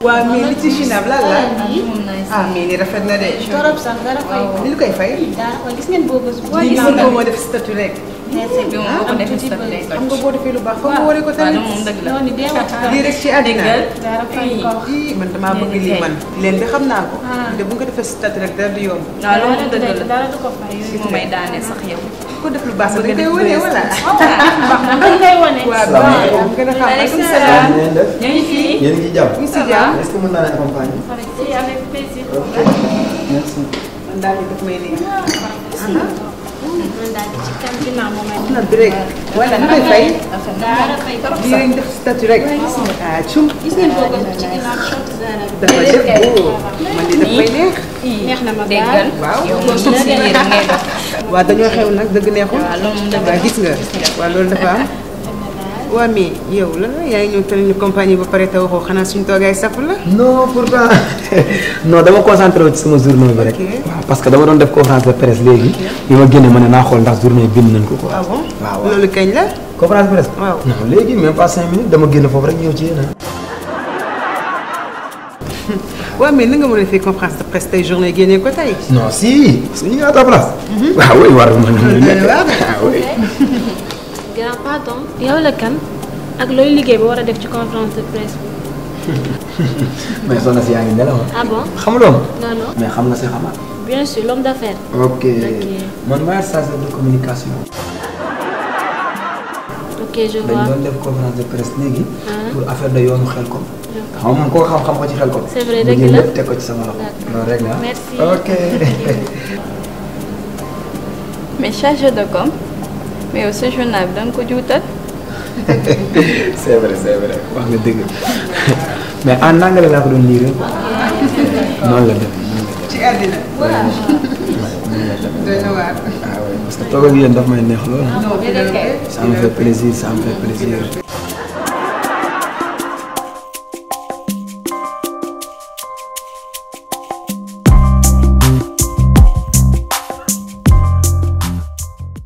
Wamini tishi na mlala. Amini rafet na de. Torop sangara kwa. Niluka ifai. Da, kwa kisngen bogus. Kwa kisngen bogus. Kwa kisngen bogus. bi moom boo ko defee si sa bi day toj. xam nga boo defee lu baax foog nga waree ko tamit. waaw moom dëgg la lii rek ci àddina man damaa bëgg lii man leen bi xam naa ko. te bu nga defee si tat rek dara du yomb. waaw loolu dëgg la dara du ko fay yooyu moo may daane sax yow. ko def lu baax da ngay wane wala. dañ koy wane. waaw salaamaaleykum gën a xam aleykum salaam. ñu ngi fi yéen ngi jàmm. ñu si jàmm est-ce que mën naa merci. na direct wala na koy fay. lii def statut rek. ah cum. dafa def wóor man de dafay neex. neex na ma baal waaw. waaw dañoo xew nag dëgg neexul. waaw gis nga waaw loolu dafa am. waa mais yow lan la yaay ñëw não ñu compagnie ba pare te waxoo xanaa suñu toogaay a la. non pourtant não dama concentré wu ci uma journée bi rek. waaw parce que dama doon def conferência de presse léegi. bi ma génne ma ne naa xool ndax journée bind nañ ko quoi. ah bon waaw loolu kañ la. conférence de presse. waaw non léegi même pas cinq minutes dama génn foofu rek ñëw ci yéen waaw mais na nga mën conférence de presse tey journée génne ko Não non si parce que ñu ngi à ta place. waaw uhum. ah, oui war na mën a oui. grand pardon yow la kan ak loy liggéey ba war a def ci conférence de presse bi. mais soxna si yaa ngi nelaw ah bon xamuloo ma. non non mais xam nga si xamaat. bien sûr l'homme d'affaires. ok man maa chargé de communication. ok je vois dañ doon def conférence de presse léegi. Ah. pour affaire de yoonu xel ko. xam nga ko xam-xam ko ci xel ko. c'est vrai rek la teg ko ci sama loxo. loolu rek la merci ok. mais chargé de com. mais yow sa journal bi ko juutal. c'est vrai c'est wax nga dëgg mais en anglais la ko doon lire noonu la dem ci àddina waaw. doy na waar. ah oui parce que toog ak yéen daf neex lool. ça